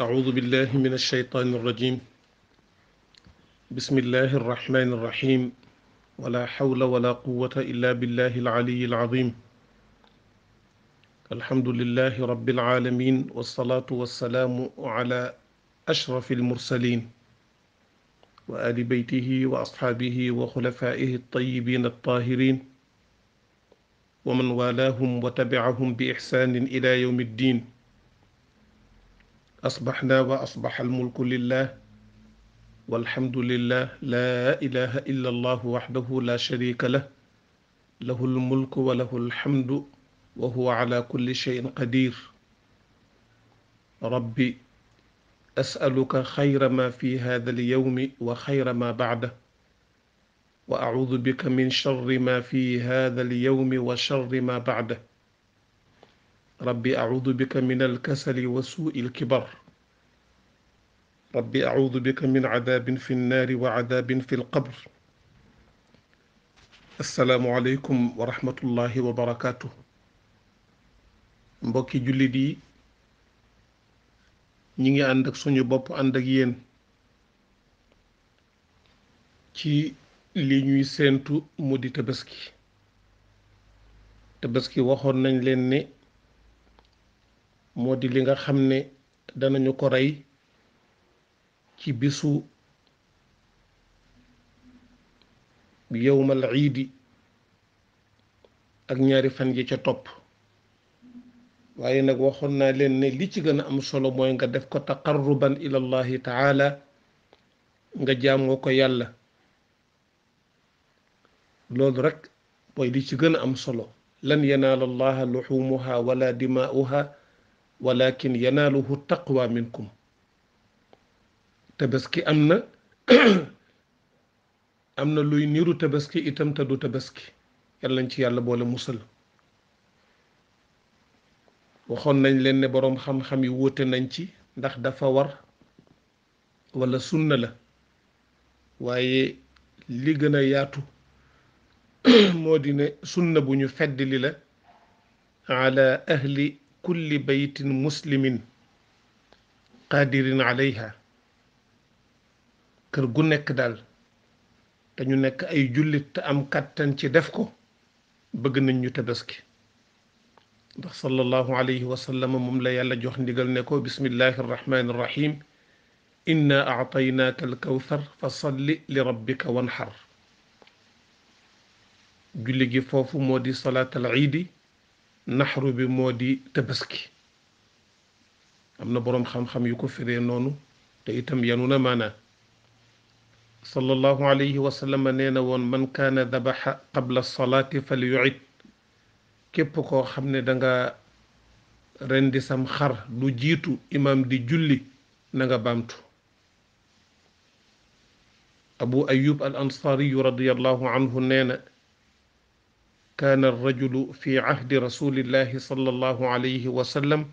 أعوذ بالله من الشيطان الرجيم بسم الله الرحمن الرحيم ولا حول ولا قوة إلا بالله العلي العظيم الحمد لله رب العالمين والصلاة والسلام على أشرف المرسلين وآل بيته وأصحابه وخلفائه الطيبين الطاهرين ومن والاهم وتبعهم بإحسان إلى يوم الدين أصبحنا وأصبح الملك لله والحمد لله لا إله إلا الله وحده لا شريك له له الملك وله الحمد وهو على كل شيء قدير ربي أسألك خير ما في هذا اليوم وخير ما بعده وأعوذ بك من شر ما في هذا اليوم وشر ما بعده rabbi audu bika min alkasali wa suui alkibar rabbi audu bika min cadaabin fi nnaari wa cadaabin fi lqabr assalaamu aleykum wa rahmatullahi wa barakaatu mbokki jullit yi ñi ngi ànd ak suñu bopp ànd ak yéen ci li ñuy séentu mu di tabaski tabaski waxoon nañ leen ne moo di li nga xam ne danañu ko rey ci bisu yowmal iidi ak ñaari fan yi ca topp waaye nag waxoon naa leen ne li ci gën a am solo mooy nga def ko taqarruban ila allahi taala nga jaamoo ko yàlla loolu rek mooy li ci gën a am solo lan yanaala allaha luxumuha wala dimaa'uha walakin yanaaluhu taqwa minkum tabaski am na am na luy niru tabaski itam te du tabaski yal nañ ci yàlla boole musal waxoon nañ leen ne boroom xam-xam yi wuute nañ ci ndax dafa war walla sunna la waaye li gën a yaatu moo di sunna bu ñu fedd li la ala ahli kulli baytin muslimin qadirin alayha kër gu nekk daal te ñu nekk ay jullit te am kàttan ci def ko bëgg nañ ñu tabaski ndax sallallahu alayhi wa sallam la yàlla jox ndigal ne ko bismillahi arrahmani arrahim inna aataynaaka alkawthar fa salli li rabbika wanxar julli gi foofu moo di salaatal iidi naxru bi moo di tabaski am na boroom xam-xam yu ko firee noonu te itam yanu na maanaa sallallahu alayhi wa sallam woon man kaana dabaxa qabla salaati fal yucid képp koo xam ne danga nga rendi sam xar lu jiitu imaam di julli na nga baamtu abu ayub al radiallahu anhu nee kaana arrajulu fi ahdi rasulillahi sallallahu alayhi wa sallam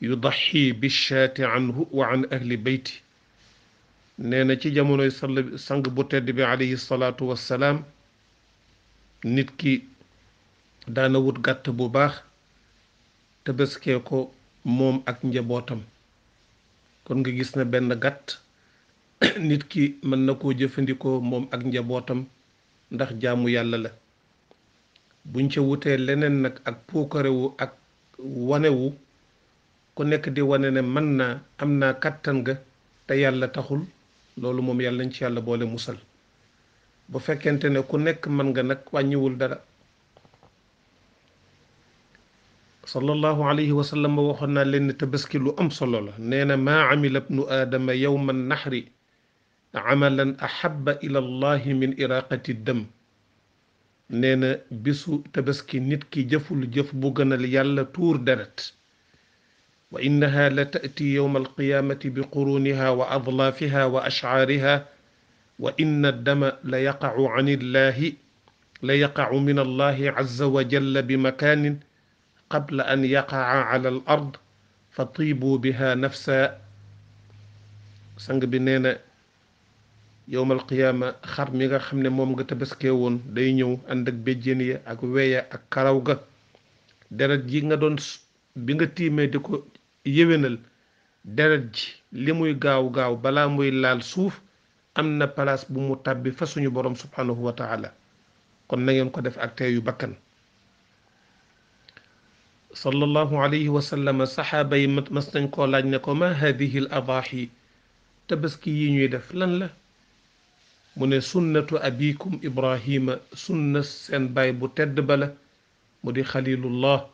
yudaxi bichaati wa ahli beyti nee na ci jamonoy sall sang bu tedd bi alayhi salaatu wassalaam nit ki daana wut gàtt bu baax te béskee ko moom ak njabootam kon nga gis na benn gàtt nit ki mën na koo jëfandikoo moom ak njabootam ndax jaamu yàlla la buñ ca wutee leneen nag ak puukarewu ak wanewu ku nekk di wane ne mën naa am naa kàttan ga te yàlla taxul loolu moom yàlla nañ ci yàlla boole musal bu fekkente ne ku nekk man nga nag wàññiwul dara sallallahu alayhi wa sallam waxoon naa leen te tabaski lu am solo la nee na maa amila bnu aadama yowma nahri amalan ahaba ila allahi min iraqati dam nee na bisu tabaski nit ki jëful jëf bu gënal yàlla tuur deret wa innaha la taati yowma alqiyaamati bi quruniha wa adlaafiha wa ashcaariha wa inna dama la yaqacu an illahi la yaqacu min allahi caza wa jalla bi makaanin qabla an yaqaca cala al ard fa tiibuu biha nafsa sang bi nee na yowmal qiyaama xar mi nga xam ne moom nga tabaskee woon day ñëw ànd ak béjjén ya ak weya ak karaw ga deret ji nga doon bi nga tiimee di ko yéwénal deret ji li muy gaaw gaaw balaa muy laal suuf am na palaas bu mu tàbbi fa suñu borom subhanahu wa taala kon na ngeen ko def ak teeyu bakkan sallallahu alayhi wa sallam saxaaba yi mas nañ ne ko ma hadihi al adaahi yi ñuy def lan la mu ne sunnatu abikum ibrahima sunna seen baay bu tedd bala mu di xalilullah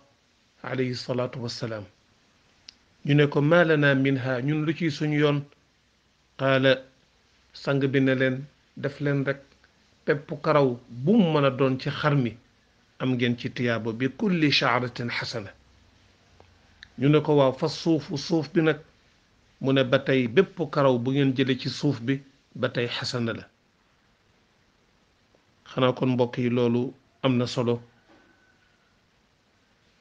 alayhi salaatu wassalaam ñu ne ko maa lana minha ñun lu ciy suñu yoon qaala sang bi ne leen def leen rekk pepp karaw bu mu mën a doon ci xar mi am ngeen ci tiyaaba bi kulli shaaratin xasana ñu ne ko waaw fa suufu suuf bi nag mu ne ba tey bépp karaw bu ngeen jële ci suuf bi ba tey xasana la xanaa kon mbokk yi loolu am na solo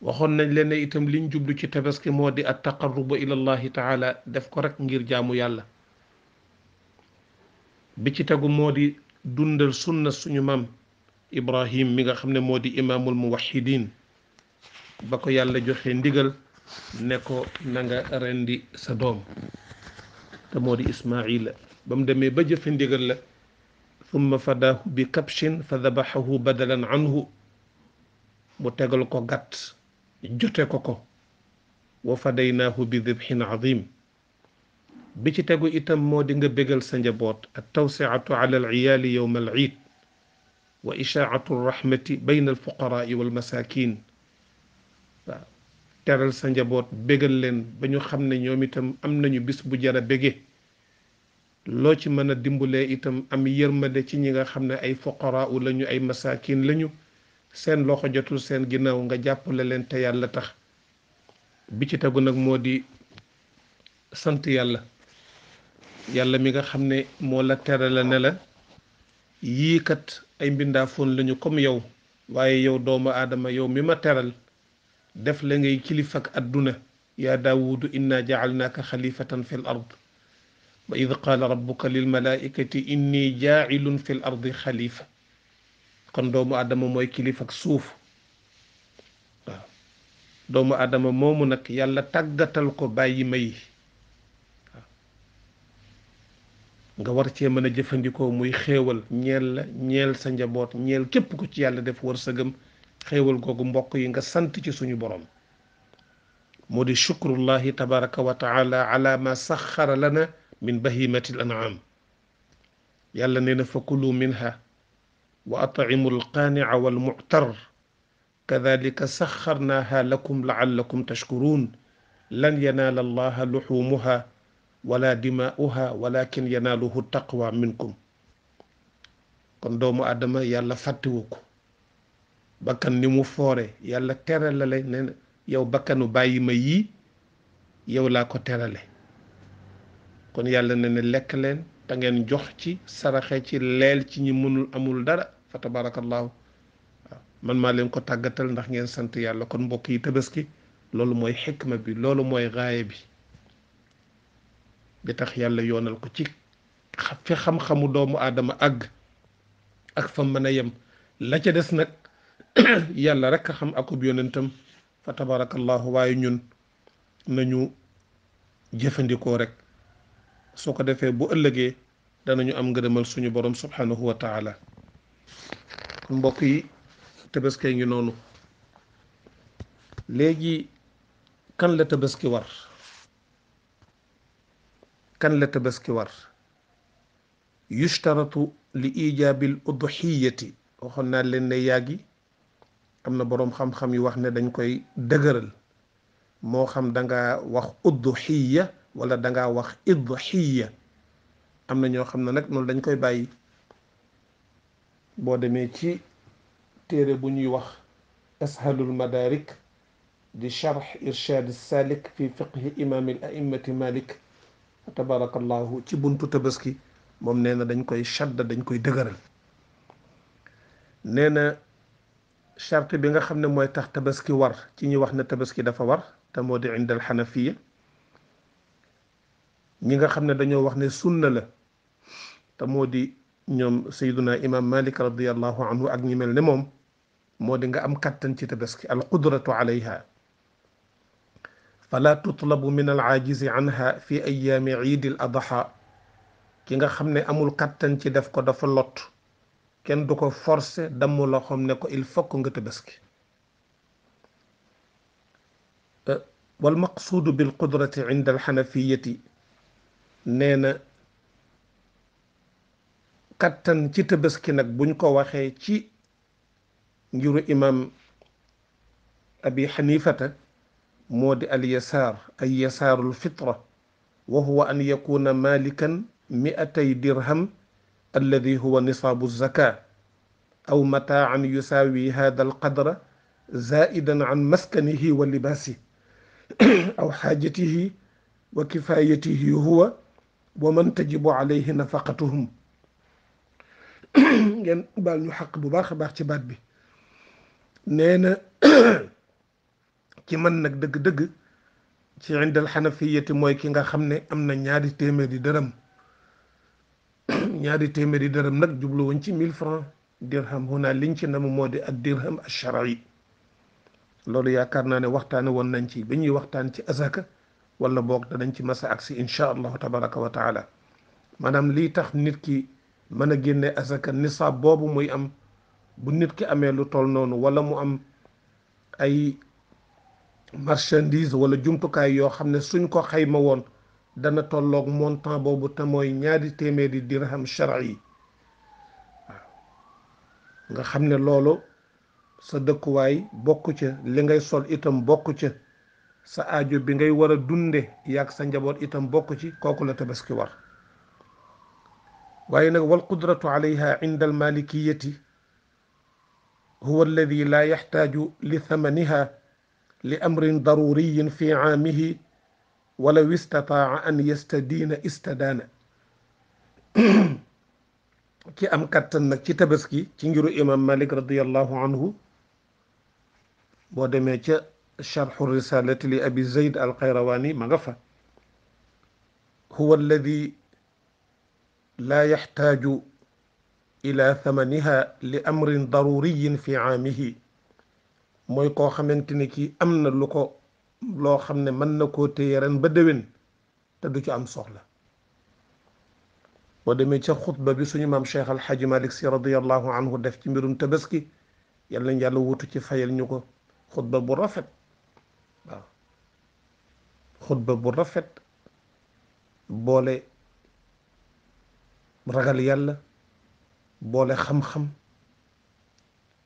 waxoon nañ leen itam liñ jublu ci tabaski moo di at taqarruba ila allahi taala def ko rek ngir jaamu yàlla bi ci tegu moo di dundal sunna suñu maam ibrahim mi nga xam ne moo di imaamul muwahidin ba ko yàlla joxe ndigal ne ko na nga rendi sa doom te moo di ismaila ba mu demee ba jëfe ndigal la thumma fadaahu bi kabshin fa dabaxahu badalan anhu mu tegal ko gàtt jote ko ko wa fadaynaahu bi dibxin azim bi ci tegu itam moo di nga bégal sa njaboot at tawsiatu ala alciyaali yowma alciid wa ishaatu rahmati bayna alfuqaraai walmasaakin waaw teral sa njaboot bégal leen ba ñu xam ne ñoom itam am nañu bis bu jara bége loo ci mën a dimbalee itam am yërmande ci ñi nga xam ne ay foqara u lañu ay masaakin lañu seen loxo jotul seen ginnaaw nga jàppale leen te yàlla tax bi ci tegu nag moo di sant yàlla yàlla mi nga xam ne moo la terale ne la yiikat ay mbindaafoon lañu comme yow waaye yow doomu aadama yow mi ma teral def la ngay kilifak adduna yaa daawudu inna jaalnaaka xalifatan fil ard wa id qaala rabbuka lilmalaaikati inni jaailun fi l xalifa kon doomu aadama mooy kilifa suuf doomu adama moomu nag yàlla tàggatal ko bàyyi may nga war cee mën a jëfandikoo muy xéewal ñeel la ñeel sa njaboot ñeel képp ci yàlla def wërsëgam xéewal googu mbokk yi nga sant ci suñu borom moo di shukrullahi tabaraka wa taala ala ma saxara lana min bahimati l an'am yàlla nee na fa kulu minha wa at'imu al qaani'a wal mu'tar kadhalika saxarnaaha lakum la'allakum tashkurun lan yanaala allaha luxumuha wala dimaa'uha walakin yanaaluhu taqwa minkum kon doomu aadama yàlla fàttewu ko bakkan ni mu foore yàlla terale la ne yow bakkanu bàyyi ma yii yow laa ko terale kon yàlla na ne lekk leen te ngeen jox ci saraxe ci leel ci ñi mënul amul dara fa tabarakallahu waaw man maa leen ko tàggatal ndax ngeen sant yàlla kon mbokk yi tabaski loolu mooy xikma bi loolu mooy gaaya bi bi tax yàlla yoonal ko ci fi xam-xamu doomu aadama àgg ak fa mën a yem la ca des nag yàlla rek a xam akub yonentam fa tabarakallahu waaye ñun nañu jëfandikoo rek su ko defee bu ëllëgee danañu am ngërëmal suñu borom subhanahu wa taala kon mbokk yi tabaski ngi noonu léegi kan la tabaski war la tabaski war yushtaratu li ijaabil udhiyati waxoon naa leen ne yàggi am na boroom xam-xam yu wax ne dañ koy dëgëral moo xam da nga wax udhiya wala da ngaa wax idxiya am na ñoo xam ne nag noonu dañ koy bàyyi boo demee ci téere bu ñuy wax ashalul madarik di charx irshad salik fi fiqhi imam al a'immati malik tabarakallahu ci buntu tabaski moom nee na dañ koy shadda dañ koy dëgëral nee na charte bi nga xam ne mooy tax tabaski war ci ñuy wax ne tabaski dafa war te moo di indal xanafiya ñi nga xam ne dañoo wax ne sunna la te moo di ñoom sayduna imam malik radiallahu anhu ak ñi mel ne moom moo di nga am kattan ci tabaski alqudratu alayha fala tutlabu min alaajizi anha fi ayaami iidi l adha ki nga xam ne amul kattan ci def ko def lot kenn du ko forcé damu la xam ne ko il faut nga tabaski walmaqsuudu bilqudrati inda alxanafiyati nee na kattan ci tabaski nag buñ ko waxee ci ngiru imam abi xanifata moo di al yasaar ay yasaarul fitra wa huwa an yakuna malikan miatay dirham alladi huwa nisaabu zaka aw mataan yusaawi hada alqadra zaidan an maskanihi wa libaasi aw xaajatihi wa kifaayatihi huwa wa man tajibu alayhi nafaqatuhum ngeen baal ñu xaq bu baax a baax ci baat bi nee na ci man nag dëgg-dëgg ci indal xanafiyati mooy ki nga xam ne am na ñaari téeméeri dërëm ñaari téeméeri dërëm nag jubluwuñ ci mille francs dirham huna liñ ci nam moo di ak dirham al shari loolu yaakaar naa ne waxtaane woon nañ ci bi ñuy waxtaan ci azaka wala boog danañ ci masa agsi incha allahu tabaraka wa taala maanaam lii tax nit ki mën a génne asaka nisaab boobu muy am bu nit ki amee lu toll noonu wala mu am ay marchandise wala jumtukaay yoo xam ne suñ ko xayma woon dana tollook montant boobu te mooy ñaari téeméeri dirham shar'i yi nga xam ne loolu sa dëkkuwaay bokku ca li ngay sol itam bokku ca sa aajo bi ngay war a dunde yak sa njaboot itam bokk ci kooku tabaski war waaye nag wal qudratu alayha inda al malikiyati huwa alladi laa yaxtaaju li thamaniha li amrin daruriyin fi aamihi walaw istataa an yastadiina istadaana ki am kattan nag ci tabaski ci ngiru imam malik radiallahu anhu boo demee sharxu risalati li abi zayd al qayrawani ma nga fa huwa alladi laa yaxtaaju ila thamaniha li amrin daruriyin fi aamihi mooy koo xamante ne kii am na lu ko loo xam ne mën na koo téye ren ba déwén te du ci am soxla boo demee ca xutba bi suñu maam cheikh alxaaji malik si radiallahu anhu def ci mbirum tabaski yàlla nañ yàlla wutu ci fayal ñu ko xutba bu rafet waaw xutba bu rafet boole ragal yàlla boole xam-xam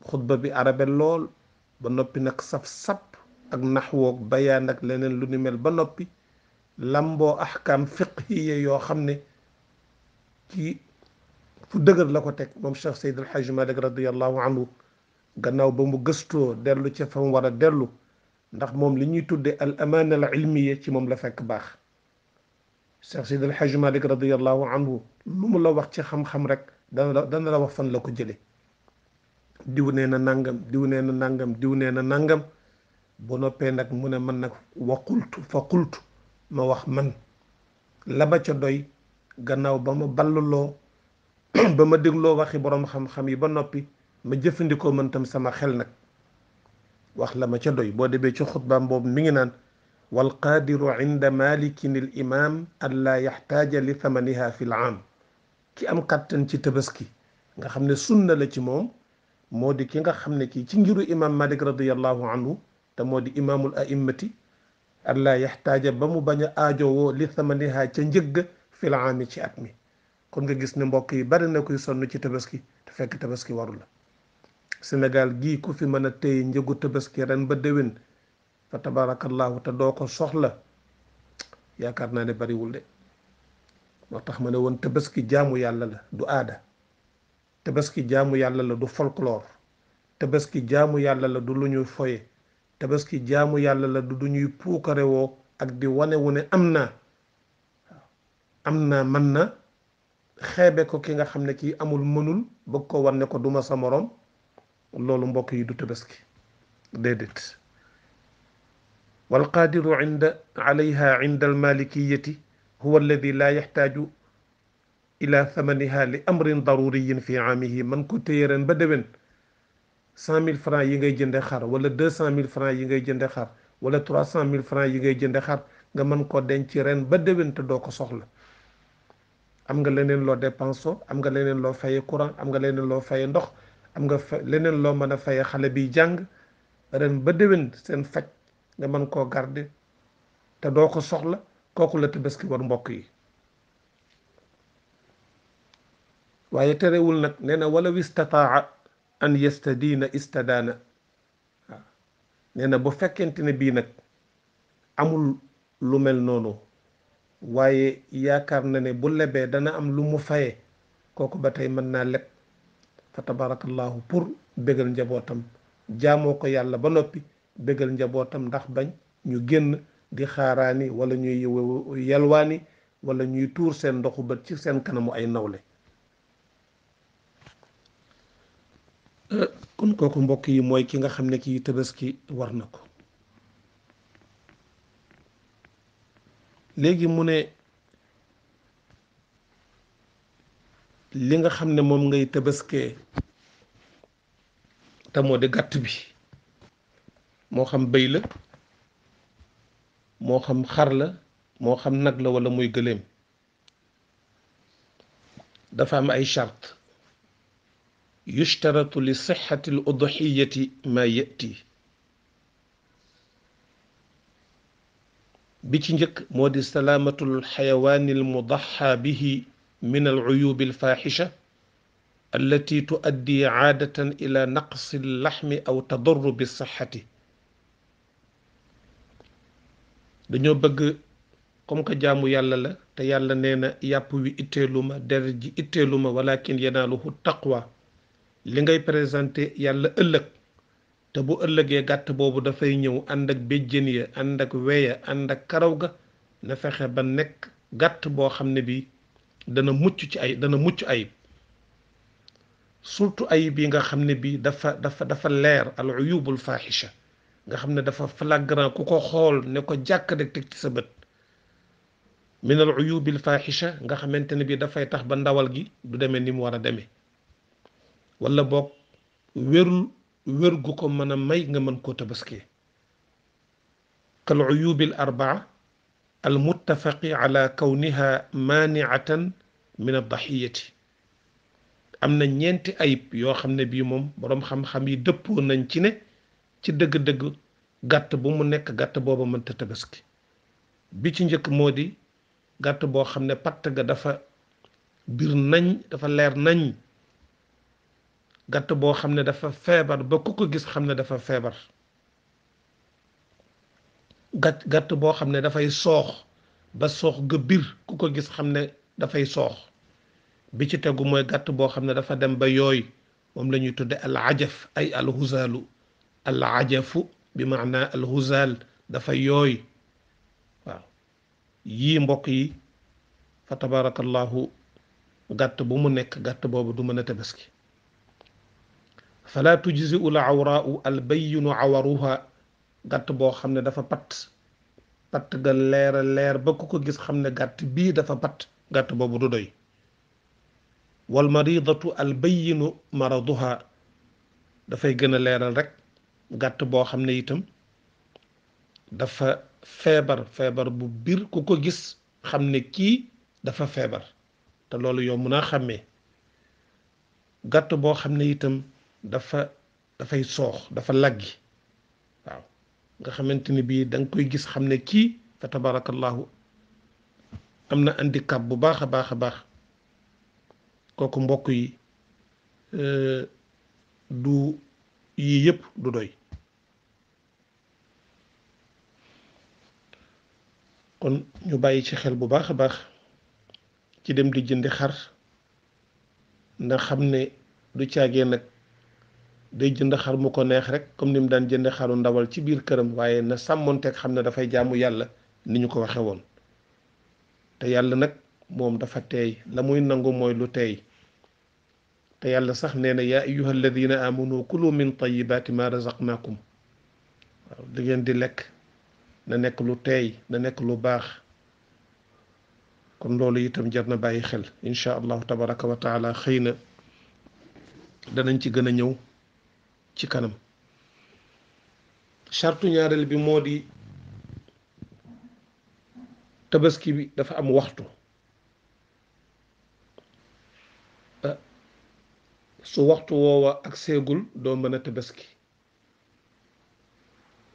xutba bi arabe lool ba noppi nag saf-sap ak naxwoog bayaan ak leneen lu ni ba noppi lamboo axkaam fiqhiya yoo xam ne ci fu dëgër la ko teg moom Cheikh Seydil Hadj Malick radiyallahu anhu gannaaw ba mu gëstoo dellu ca fa mu war a dellu ndax moom li ñuy tuddee al amaana al ilmiya ci moom la fekk baax Cheikh Seydi El Hadji Malick radiallahu anhu lu mu la wax ci xam-xam rek dana la wax fan la ko jële diw nee na nangam diw nee na nangam diw nee na nangam bu noppee nag mu ne mën nag wa qultu fa qultu ma wax man la ba ca doy gannaaw ba ma balluloo ba ma dégloo waxi boroom xam-xam yi ba noppi ma jëfandikoo mën tam sama xel nag wax la ma ca doy boo demee ci xutbaam boobu mi ngi naan walqaadiru inda malikin al imam an laa yaxtaaja li thamaniha fi l ki am kàttan ci tabaski nga xam ne sunna la ci moom moo di ki nga xam ne kii ci ngiru imam malik radiallahu anhu te moo di imaamul a'immati an laa yaxtaaja ba mu bañ a aajowoo li thamaniha ca njëgg fi l ci at mi kon nga gis ne mbokk yi bari na koy sonn ci tabaski te fekk tabaski warul la senegal gii ku fi mën a téye njëgu tabaski ren ba déwén fa tabaarakallaahu te doo ko soxla yaakaar naa ne bariwul de moo tax ma ne woon tabaski jaamu yàlla la du aada tabaski jaamu yàlla la du folklore tabaski jaamu yàlla la du lu ñuy foye tabaski jaamu yàlla la du du ñuy puukarewoo ak di wane wu ne am naa am naa mën na xeebe ko ki nga xam ne kii amul mënul bëgg ko wane ne ko duma sa morom loolu mbokk yi du tabaski déedéet walqaadiru inda alayha inda almalikiyati huwa alladi laa yaxtaaju ila thamaniha li amrin daruriyin fi aamihi man ko téye ren ba déwén cent mille francs yi ngay jënde xar wala deux cent mille francs yi ngay jënde xar wala trois cent mille francs yi ngay jënde xar nga mën ko denc ren ba déwén te doo ko soxla am nga leneen loo dépensé am nga leneen loo faye courant am nga leen loo faye ndox am nga fa leneen loo mën a fay xale bi jàng ren ba déwén seen faj nga mën koo garde te doo ko soxla kooku la tabaski war mbokk yi waaye terewul nag nee na walaw istataa an yastadiina istadaana waaw nee na bu fekkente ne bii nag amul lu mel noonu waaye yaakaar na ne bu lebee dana am lu mu faye kooku ba tey mën naa leb fa tabarakallahu pour bégal njabootam jaamoo ko yàlla ba noppi bégal njabootam ndax bañ ñu génn di xaaraani wala ñuy yalwaani wala ñuy tuur seen ndoxu bët ci seen kanamu ay nawle kon kooku mbokk yi mooy ki nga xam ne kii tabaski war na ko léegi mu ne li nga xam ne moom ngay tabaskee te moo di gàtt bi moo xam bëy la moo xam xar la moo xam nag la walla muy gëléem dafa am ay chart yushtaratu li sixati l udxiyati maa yati bi ci njëkk moo di salaamatul xayawaanil mudaxa bihi min al uyubi al fahisha allati tuaddi aadatan ila naqsi laxmi aw tadarrubi saxati dañoo bëgg comme que jaamu yàlla la te yàlla nee na yàpp wi itteelu ma der ji itteelu ma walakin yanaaluhu taqwa li ngay présenté yàlla ëllëg te bu ëllëgee gàtt boobu dafay ñëw ànd ak béjjén ya ànd ak weya ànd ak karaw ga na fexe ba nekk gàtt boo xam ne bii dana mucc ci ay dana mucc ayib surtout ayib yi nga xam ne bii dafa dafa dafa leer al uyubul fahisha nga xam ne dafa flagrant ku ko xool ne ko jàkk rek teg ci sa bët min al uyubil fahisha nga xamante ne bii dafay tax ba ndawal gi du demee ni mu war a demee wala boog wérul wér gu ko mën a may nga mën koo tabaskee kal uyubil arbaa almuttafaqi ala kawniha maaniatan min addahiyati am na ñeenti ayib yoo xam ne bii moom boroom xam-xam yi dëppoo nañ ci ne ci dëgg-dëgg gàtt bu mu nekk gàtt booba mënta tabaski bi ci njëkk moo di gàtt boo xam ne patt ga dafa bir nañ dafa leer nañ gàtt boo xam ne dafa feebar ba ku ko gis xam ne dafa feebar gàtt gàtt boo xam ne dafay soox ba soox ga ku ko gis xam ne dafay soox bi ci tegu mooy gàtt boo xam ne dafa dem ba yooy moom la ñuy tudde alajaf ay alhuzaalu alajafu bi maana alhuzaal dafa yooy waaw yii mbokk yi fa gàtt bu mu nekk gàtt boobu du mën a tabaski fala tujziu al awraau albayinu awaruha gàtt boo xam ne dafa patt patt ga leer leer ba ku ko gis xam ne gàtt bii dafa patt gàtt boobu du doy wal maridatu al bayinu maraduha dafay gën a leeral rekk gàtt boo xam ne itam dafa feebar feebar bu biir ku ko gis xam ne kii dafa feebar te loolu yow mun a xàmmee gàtt boo xam ne itam dafa dafay soox dafa laggi waaw nga xamante ni bii danga koy gis xam ne kii fa tabarakallahu am na handicap bu baax a baax a baax kooku mbokk yi euh, du yii yëpp du doy kon ñu bàyyi ci xel bu baax a baax ci dem di jëndi xar ndax xam ne du caagee nag day jënd xar mu ko neex rek comme ni mu daan jënd xaru ndawal ci biir këram waaye na sàmmonteeg xam ne dafay jaamu yàlla ni ñu ko waxe woon te yàlla nag moom dafa teey la muy nangu mooy lu teey te yàlla sax nee na yaa ayyuha alladina amanu kulu min tayibaati ma razaqnaakum waaw li ngeen di lekk na nekk lu teey na nekk lu baax kon loolu itam jar na bàyyi xel incha allahu tabaraka wa xëy na danañ ci gën a ñëw ci kanam chartu ñaareel bi moo di tabaski bi dafa am waxtu ah, su waxtu woowa ak seegul doo mën a tabaski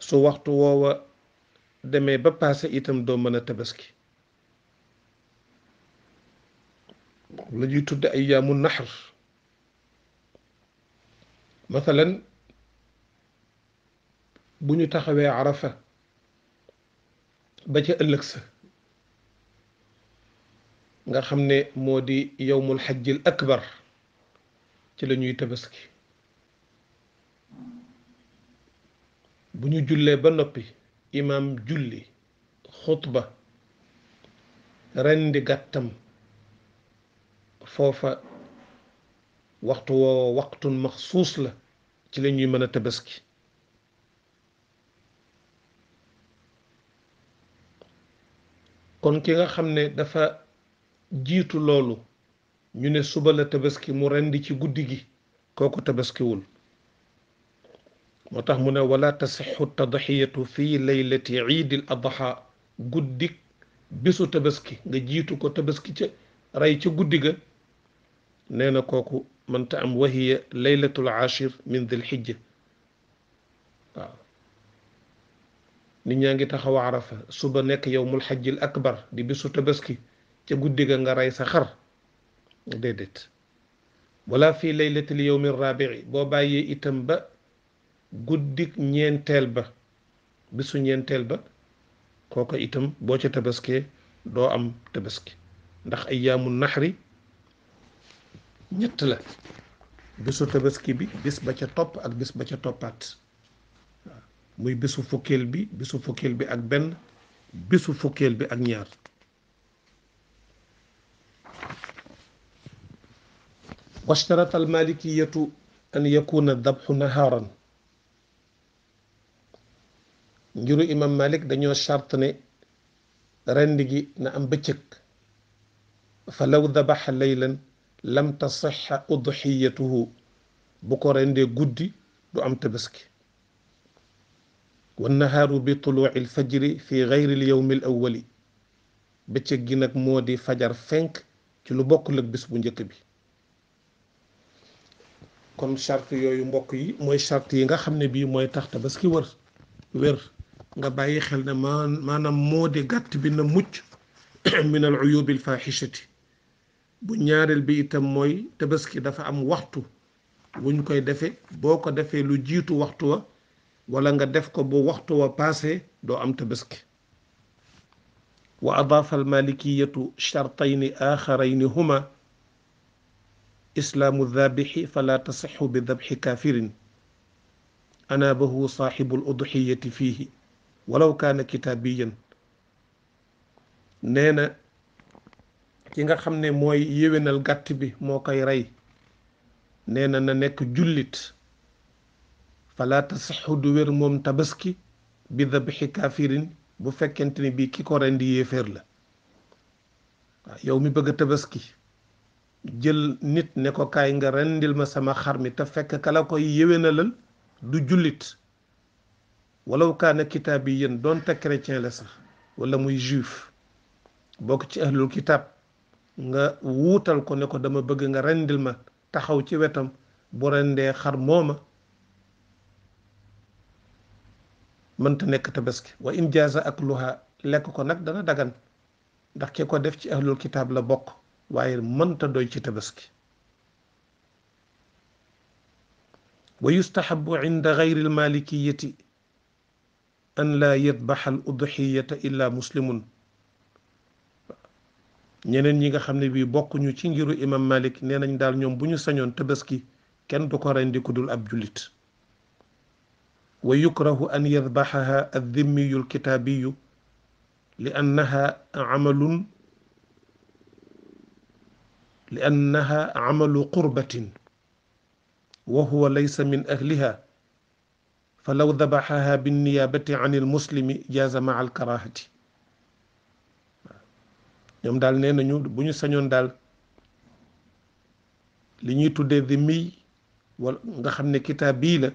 su waxtu woowa demee ba paase itam doo mën a tabaski la ñuy tudde ay yaamu naxar mathalan bu ñu taxawee arafa ba ca ëllëg sa nga xam ne moo di yowmul xajjil akbar ci la ñuy tabaski bu ñu jullee ba noppi imaam julli xutba rendi gàttam foofa waxtu woo waxtun maxsuus la ci la ñuy mën a tabaski kon ki nga xam ne dafa jiitu loolu ñu ne suba la tabaski mu rendi ci guddi gi kooku tabaskiwul moo tax mu ne wala tasixu tadxiyatu fii laylati ciidil adxa guddik bisu tabaski nga jiitu ko tabaski ca rey ca guddi ga nee na kooku mënta am wahiya laylatul ashir min dil xijja waaw nit ñaa ngi taxaw arafa suba nekk yowmul xajjil akbar di bisu tabaski ca guddi ga nga rey sa xar déedéet wala fii lay laylatil yowmi rabii boo bàyyee itam ba guddik ñeenteel ba bisu ñeenteel ba kooka itam boo ca tabaskee doo am tabaski ndax ay yaamu naxri ñett la bisu tabaski bi bis ba ca topp ak bis ba ca toppaat muy bésu fukkeel bi bésu fukkeel bi ak benn bésu fukkeel bi ak ñaar washtarat almalikiyatu an yakuna dabxu nahaaran ngiru imam malik dañoo charte ne rend gi na am bëccëg fa law dabaxa lam tasixa udxiyatuhu bu ko rendee guddi du am tabaski wannahaaru bi tuluuci lfajri fi gayri lyowmi l awali bëccëg gi nag moo di fajar fenk ci lu bokkul ak bis bu njëkk bi kon charte yooyu mbokk yi mooy charte yi nga xam ne bii mooy tax tabaski wër wér nga bàyyi xel ne maa maanaam moo di gàtt bi na mucc min al uyubi al faaxishati bu ñaareel bi itam mooy tabaski dafa am waxtu wuñ koy defee boo ko defee lu jiitu waxtu wa wala nga def ko bu waxtu wa paase doo am tabaski wa adaafa almalikiyatu chartayni aaxarayni huma islaamu daabixi fala tasixu bi dabxi kaafirin anaabahu saaxibu ludxiyati fiihi walaw kaana kitaabiyan nee ki nga xam ne mooy yéwénal gàtt bi moo koy rey nee na na nekk jullit fala tasixu du wér moom tabaski bi dabxi kaafirin bu fekkente ni bi ki ko rendi yéeféer la yow mi bëgg a tabaski jël nit ne ko kaay nga rendil ma sama xar mi te fekk kala koy yéwénalal du jullit walaw kaana kitaab yi yéen donte chrétien la sax wala muy juif bokk ci ahlul kitaab nga wuutal ko ne ko dama bëgg nga rendil ma taxaw ci wetam bu rendee xar mooma mën mënta nekk tabaski wa in jaaza ak luha lekk ko nag dana dagan ndax ki ko def ci ahlul kitaab la bokk waaye mënta doy ci tabaski wa yustahabu inda gayri almalikiyati an laa yadbaxa al udxiyata illa muslimun ñeneen ñi nga xam ne bii bokkuñu ci ngiru imam malik nee nañ daal ñoom bu ñu sañoon tëbëski kenn du ko rendi ku dul ab jullit wa yukrahu an yadbaxaha addimmiyu alkitaabiyu li annaha amalun li annaha amalu qurbatin wa huwa laysa min ahliha falaw dabaxaha binniyaabati an almuslimi jaaza maa alkarahati ñoom daal nee nañu bu ñu sañoon daal li ñuy tuddee dimmiy wala nga xam ne kitaab bii la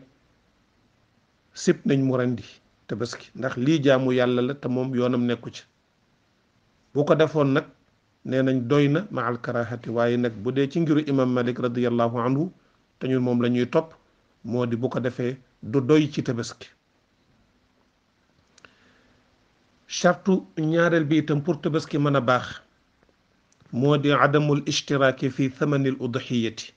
sib nañ mu rendi tabaski ndax lii jaamu yàlla la te moom yoonam nekku ci bu ko defoon nag nee nañ doy na ma alkarahati waaye nag bu dee ci ngiru imam malik radiallahu anhu te ñun moom la ñuy topp moo di bu ko defee du doy ci tabaski chartu ñaareel bi itam pour tabaski mën a baax moo di adamul ishtiraaki fi thamanil udhiyati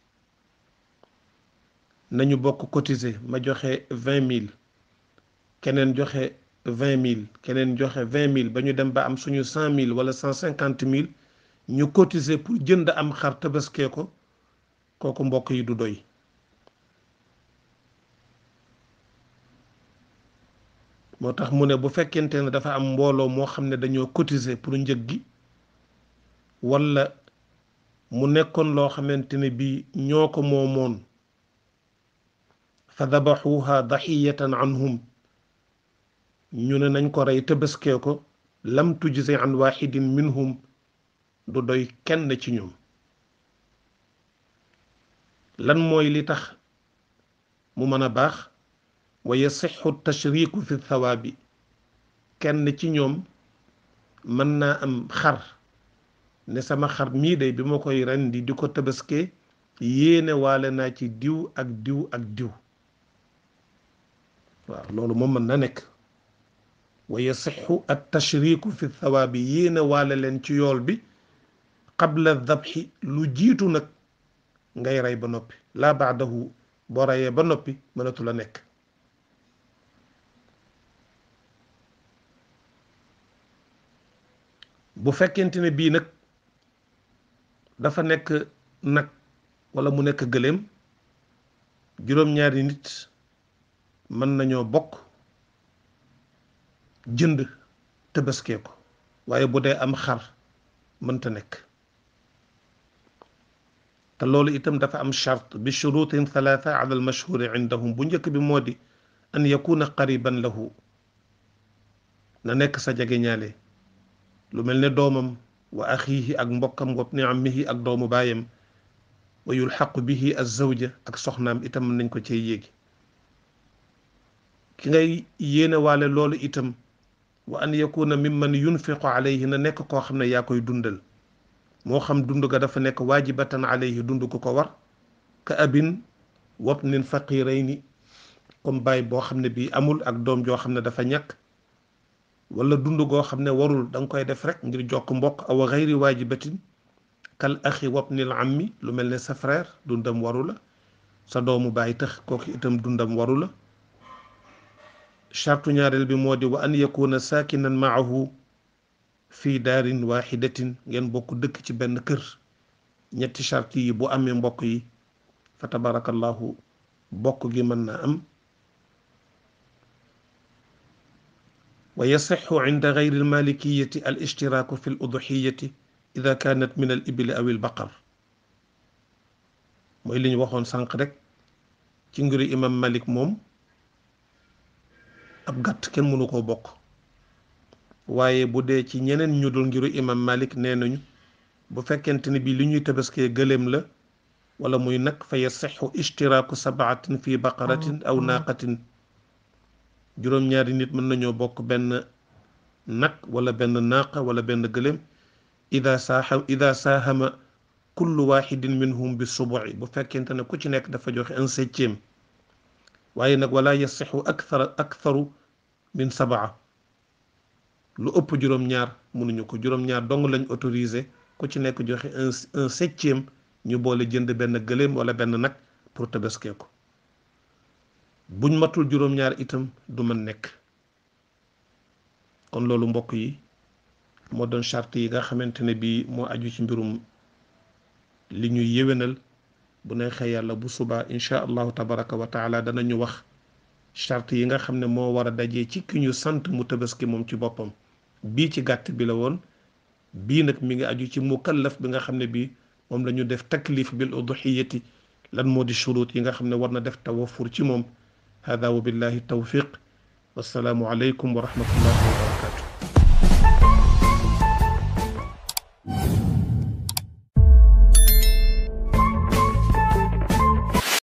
nañu bokk cotiser ma joxe vingt mille keneen joxe vingt mille keneen joxe vingt mille ba ñu dem ba am suñu cent mille wala cent cinquante mille ñu cotiser pour jënd am xar tabaskee kooku mbokk yi du doy moo tax mu ne bu fekkente ne dafa am mbooloo moo xam ne dañoo cotiser pour njëg gi wala mu nekkoon loo xamante ne bii ñoo ko moomoon fa dabaxuha daxiyatan anhum ñu ne nañ ko rey tëbëskee ko lam tujzi an waxidin minhum du doy kenn ci ñoom lan mooy li tax mu mën a baax wa yasixu tashriku fi thawaabi kenn ci ñoom mën naa am xar ne sama xar mii day bi ma koy rendi di ko tëbëskee yéene waale naa ci diw ak diw ak diw waaw loolu moom mën na nekk wa yasixu at tashriku fi thawaabi yéene waale leen ci yool bi qabla dabxi lu jiitu nag ngay rey ba noppi laa baadahu boo reyee ba noppi mënatul la nekk bu fekkente ne bii nag dafa nekk nag walla mu nekk gëléem juróom-ñaari nit mën nañoo bokk jënd tëbëskee ko waaye bu dee am xar mënta nekk te loolu itam dafa am chart bi shurutin thalatha ala al mashhuri indahum bu njëkk bi moo di an yakuna qariban lahu na nekk sa jegeñaale lu mel ne doomam wa axiihi ak mbokkam wa ibni ammihi ak doomu baayam wa yulxaqu bihi azzawja ak soxnaam itam mën nañ ko ci yéegi ki ngay yéene waale loolu itam wa an yakuna mimman yunfiqu alayhi na nekk koo xam ne yaa koy dundal moo xam dund ga dafa nekk waajibatan alayhi dund ko ko war ka abin wabnin faqirayni comme baay boo xam ne bii amul ak doom joo xam ne dafa ñàkk wala dund goo xam ne warul danga koy def rek ngir jokk mbokk aw gayri waajibatin kal axi wabnil ammi lu mel ne sa frère dundam waru la sa doomu baay tax kooku itam dundam waru la chartu ñaareel bi moo di wa an yakuna saakinan maahu fii daarin waaxidatin ngeen bokk dëkk ci benn kër ñetti charte yi bu amee mbokk yi fa tabarakallahu bokk gi mën na am wa yasixu inda gayri almalikiyati al ishtiraaku waxoon sànq rek ci ngiri imam malik moom ab gàtt kenn mënu koo bokk waaye bu dee ci ñeneen ñu dul ngiru imam malik nee nañu bu fekkente ni bi li ñuy tabaskee gëléem la wala muy nag fa yasixu ishtiraaku sabaatin fi baqaratin aw naaqatin juróom-ñaari nit mën nañoo bokk benn nag wala benn naaqa wala benn gëléem idaa saaha ida saahama kullu waxidin minhum bi subuci bu fekkente ne ku ci nekk dafa joxe un septième waaye nag wala yasixu akthar aktharu min sabaa lu ëpp juróom-ñaar mënuñu ko juróom-ñaar dong lañ autorisé ku ci nekk joxe un un ñu boole jënd benn gëléem wala benn nag pour tabaskee ko buñ matul juróom-ñaar itam du mën nekk kon loolu mbokk yi moo doon charte yi nga xamante ne bii moo aju ci mbirum li ñuy yéwénal bu neexee yàlla bu subaa incha allahu tabaraka wa taala danañu wax charte yi nga xam ne moo war a dajee ci ki ñu sant mu tabaski moom ci boppam bii ci gàtt bi la woon bii nag mi ngi aju ci mukallaf bi nga xam ne bii moom lañu def taklif bi uduxiyati lan moo di shuruut yi nga xam ne war na def tawafur ci moom hada wa billahi tawfiq wassalaamu aleykum wa rahmatullahi wa barakatu